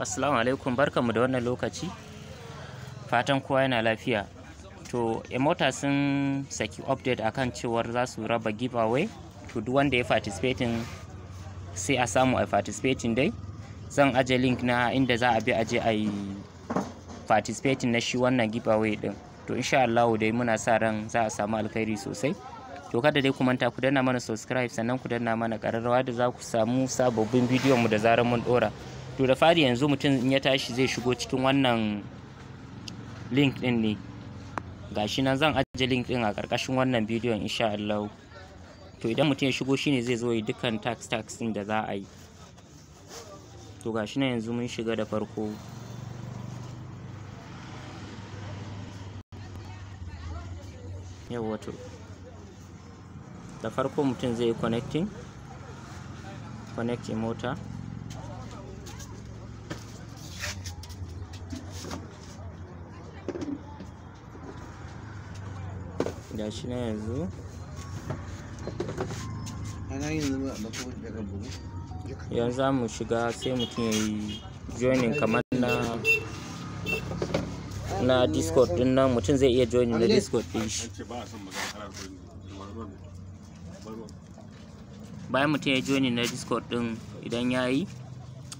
assalamu alaikum barkanmu da wannan lokaci fatan kowa yana lafiya to emota sun saki update akan cewar za su raba giveaway to duk wanda ya participating sai a samu a participating dai zan aje link na inda za a bi aje a yi participating na shi wannan giveaway din to insha Allah dai muna sa ran za a samu alkhairi sosai to kada dai ku manta ku danna mana subscribe sannan ku danna mana kararrawa da za ku samu sababbin bidiyon mu da zarar mun dora to da fari yanzu mutum in ya tashi zai shigo cikin wannan link din ne gashi nan zan ajiye link din a ƙarƙashin wannan bidiyon insha Allah to idan mutum ya shigo shine zai zo yi dukkan tax tax din da za a yi to gashi nan yanzu mun shiga da farko yawwa to da farko mutum zai yi connecting connecting mota ga shi na yanzu yanzu za mu shiga sai mutum ya yi joining kamar na na discord din nan mutum zai iya joining na discord din shi bayan mutum ya yi joining na discord din idan ya yi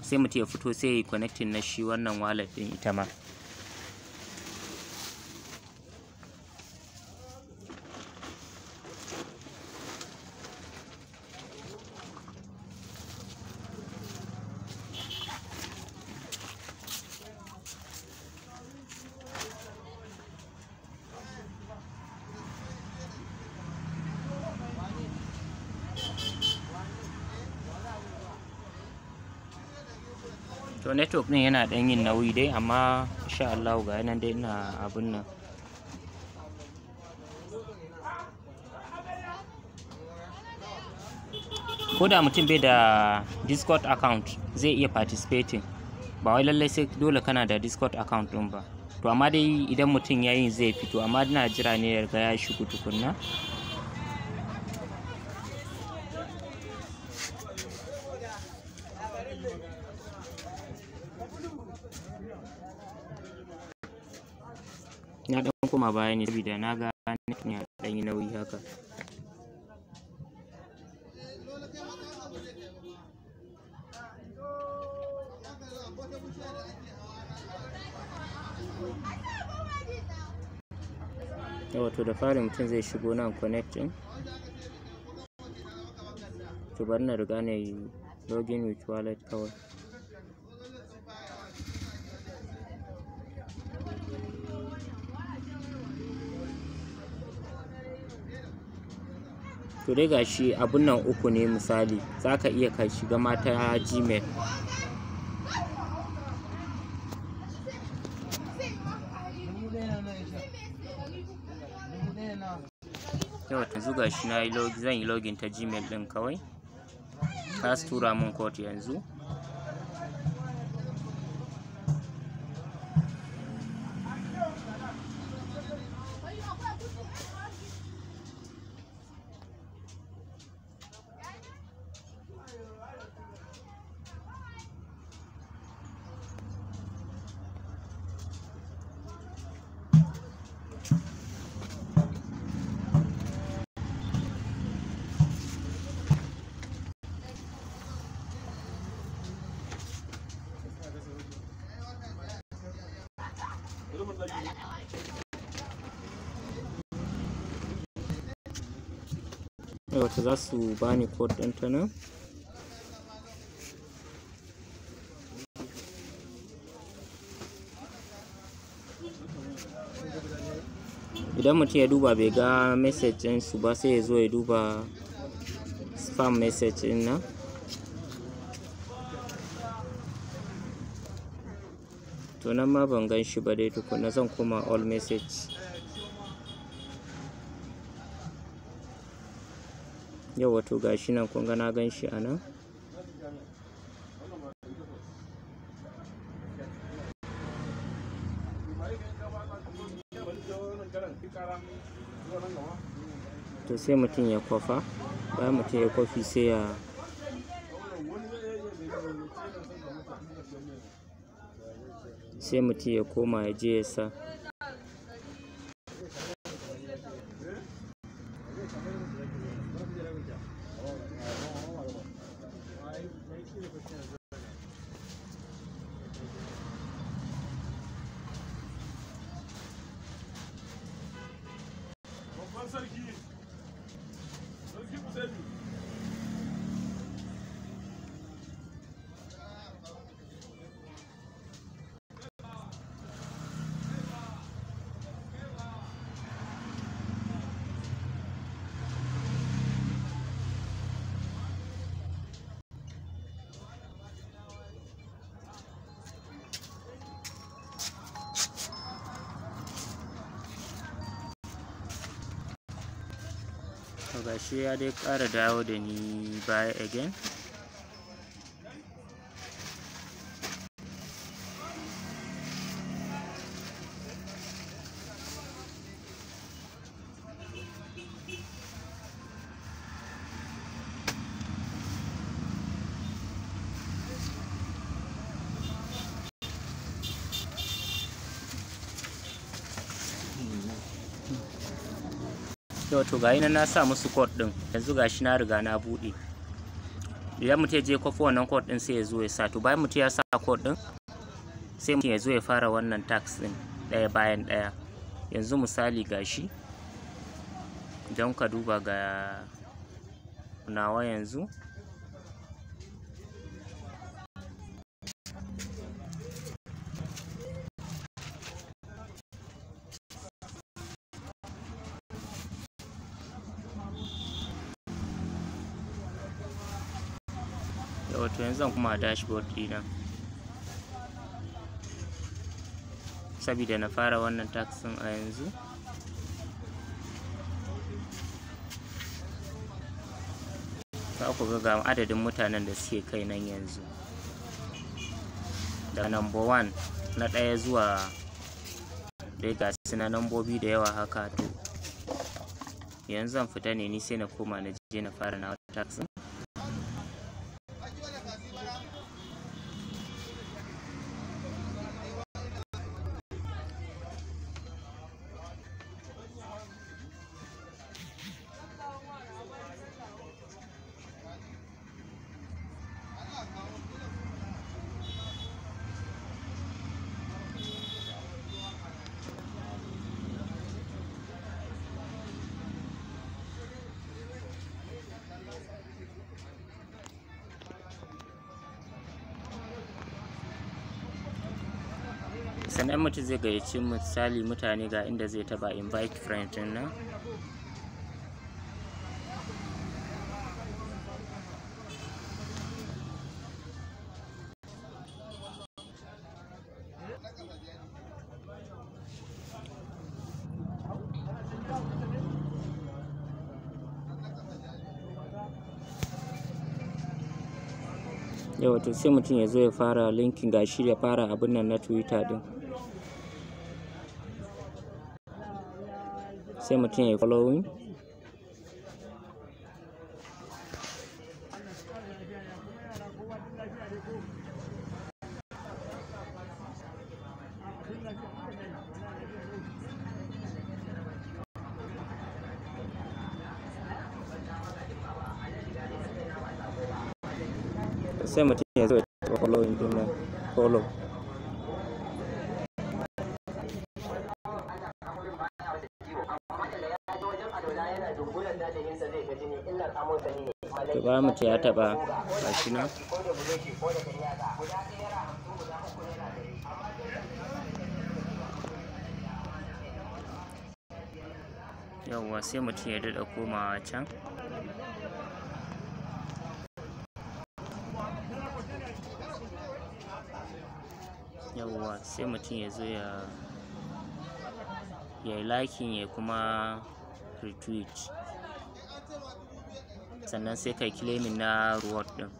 sai mutum ya fito sai ya yi connecting na shi wannan wallet din ita ma network ɗin yana ɗan yin nauyi dai amma insha Allah ga yanan dai ina abin nan ko da mutum bai da discord account zai iya participating ba wai lallai sai dole kana da discord account din ba to amma dai idan mutum yayin zai fito amma ina jira ne ya ga ya shigo tukunna koma baya ne saboda na ga ya ɗan yi nauyi haka wato da fari mutum zai shigo nan connecting to bari na riga na yi login with wallet kawai to dai gashi abun nan uku ne misali zaka iya ka shiga mata gmail yawa ta zuga na zan yi login ta gmail ɗin kawai za su tura min code yanzu wata za su bani kod ɗin ta nan idan mutum ya duba bai ga message ɗin su ba sai ya zo ya duba spam message ɗin nan to nan ma ban gan shi ba dai tukuna zan koma all message yau wato gashi nan kun ga na gan shi a nan to sai mutum ya kwafa bayan mutum ya kwafi sai ya sai mutum ya koma ya je ya sa to gashi ya dai ƙara dawo da ni baya again yau to gayi na sa musu code din yanzu gashi na riga na buɗe idan mutum ya je kwafi wannan code din sai ya zo ya sa to bayan mutum ya sa code din sai mutum ya zo ya fara wannan tax din ɗaya bayan ɗaya yanzu misali gashi idan ka duba ga nawa yanzu Kuma a dashboard dina sabida na fara wannan taxin a yanzu za ku ga ga adadin mutanen da suke kai nan yanzu da number one na ɗaya zuwa dai ga su na nambobi da yawa haka to yanzu zan fita ne ni sai na koma na je na fara na taxin sannan mutum zai gayyaci misali mutane ga inda zai taba invite friend din nan yawa to sai mutum ya zo ya fara linkin gashi ya fara abin nan na twitter din sai mutum ya following To ba mu mutu ya taɓa gashi nan yawwa sai mutum ya daɗa komawa can yawwa sai mutum ya zo ya ya yi liking ya kuma retweet sannan sai kai claiming na reward din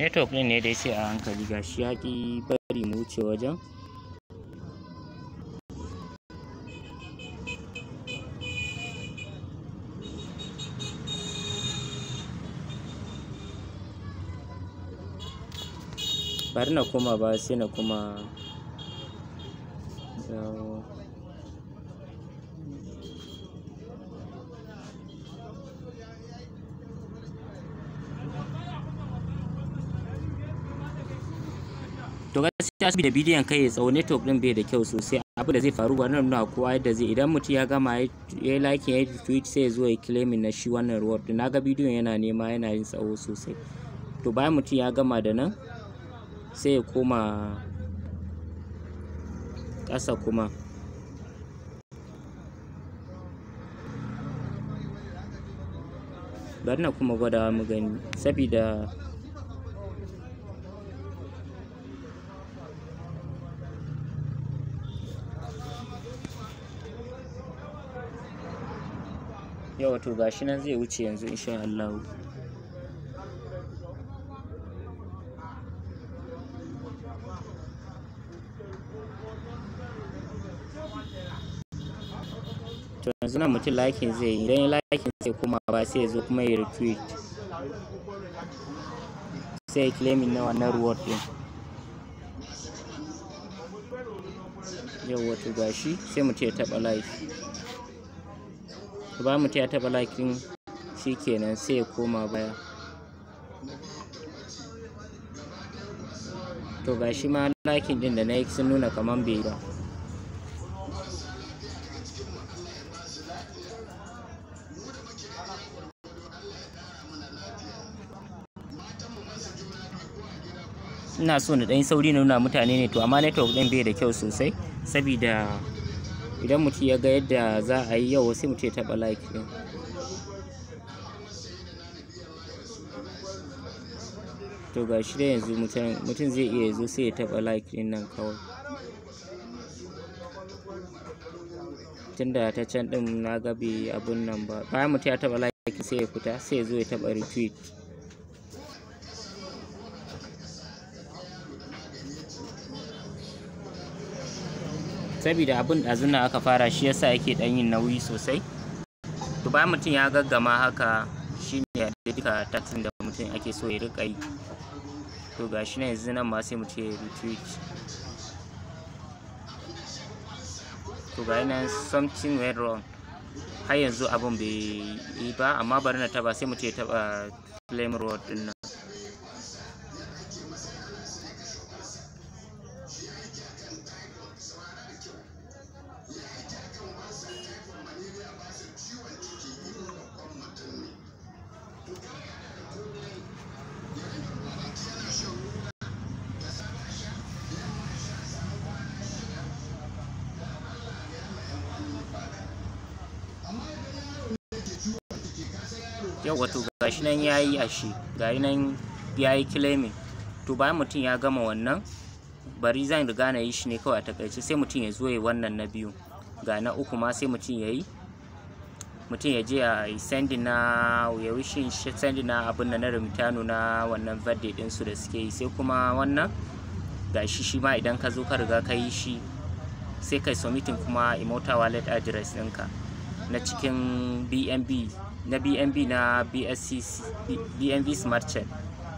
network ɗin ne dai sai a hankali gashi ya yaƙi bari mu wuce wajen bari na koma ba sai na kuma to gaskiya da bidiyon kai tsawo network din bai da kyau sosai Abin da zai faru ba nan na kowa yadda zai idan mutum ya gama ya like ya tweet sai ya zo ya claim na shi wannan reward Na ga bidiyon yana nema yana yin tsawo sosai to bayan mutum ya gama da nan sai ya koma ƙasa kuma bari na kuma gwada mu gani sabida yau wato gashi nan zai wuce yanzu insha Allah to yanzu nan mutum lakin zai yi idan lakin zai koma ba sai ya zo kuma ya retweet sai ya claiming na wannan ɗin? din yau wato gashi sai mutum ya taɓa live Ka ba mutum ya taɓa lakin shi kenan sai ya koma baya to ga shi ma lakin din da na yi sun nuna kamar bai ba ina so na ɗan sauri na nuna mutane ne to amma network ɗin bai da kyau sosai sabida idan mutum ya ga yadda za a yi yau sai mutum ya taba like ɗin to ga shi da yanzu mutum zai iya zo sai ya taɓa like ɗin nan kawai tunda ta can ɗin na ga bai abun nan ba bayan mutum ya taɓa like sai ya fita sai ya zo ya taɓa retweet saboda abin da nan aka fara shi yasa yake ɗan yin nauyi sosai to ba mutum ya gaggama haka shi ne duka tatin da mutum ake so ya rika yi to ga shi na yanzu nan ma sai mu ce retreat to ga nan something went wrong har yanzu abin bai yi ba amma bari na taba sai mu ce taba flame road din nan yau wato gashi nan ya yi ashe gashi nan ya yi to bayan mutum ya gama wannan bari zan riga na yi shi ne kawai a takaice sai mutum ya zo ya wannan na biyu ga na uku ma sai mutum ya yi mutum ya je ya yi sendi na ya wishin sendi na abin na remitano na wannan verde din su da suke yi sai kuma wannan gashi shi ma idan ka zo ka riga ka yi shi sai kai submitting kuma imota wallet address ɗinka na cikin bnb na bnb na bscc bnb smart chain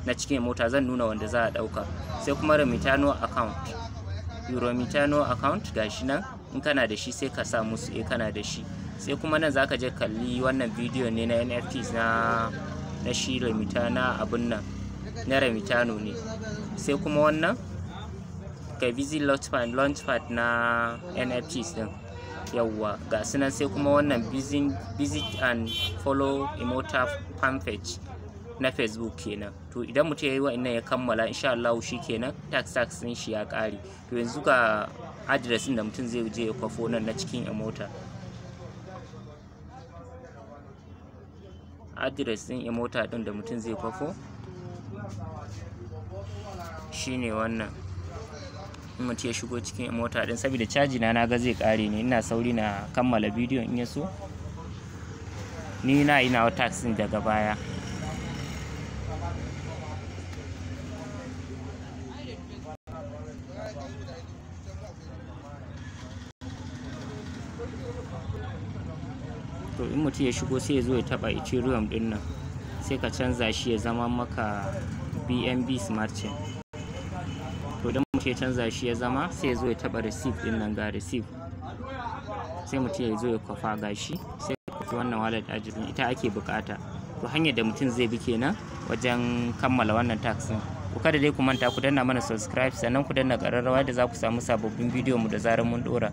na cikin mota zan nuna wanda za a ɗauka sai kuma remitano account euromitano account gashi nan in kana da shi sai ka sa musu eh kana da shi sai kuma nan zaka je kalli wannan bidiyo ne na nfts na na shi remitana abun nan na remitano ne sai kuma wannan ka launch launchpad na nfts din yawwa ga sunan sai kuma wannan visit and follow emota fanpage na facebook kenan to idan mutum ya yi wa'annan ya kammala insha Allah shi kenan tax tax din shi ya kare to yanzu ga adresin da mutum zai je ya kwafo nan na cikin emota adresin emota din da mutum zai kwafo shine wannan in mutum ya shigo cikin mota din saboda caji na na ga zai kare ne ina sauri na kammala bidiyon in ya so ni na ina tax taxi daga baya to in mutum ya shigo sai ya zo ya taba ruwan din nan sai ka canza shi ya zama maka bnb smart chain mutum ya canza shi ya zama sai ya zo ya taba receive din nan ga receive sai mutum ya zo ya kwafa gashi sai kwafi wannan wallet ajizin ita ake bukata to hanyar da mutum zai bi kenan wajen kammala wannan tax din ku kada dai ku manta ku danna mana subscribe sannan ku danna ƙararrawa da za ku samu sababbin bidiyon mu da zarar mun dora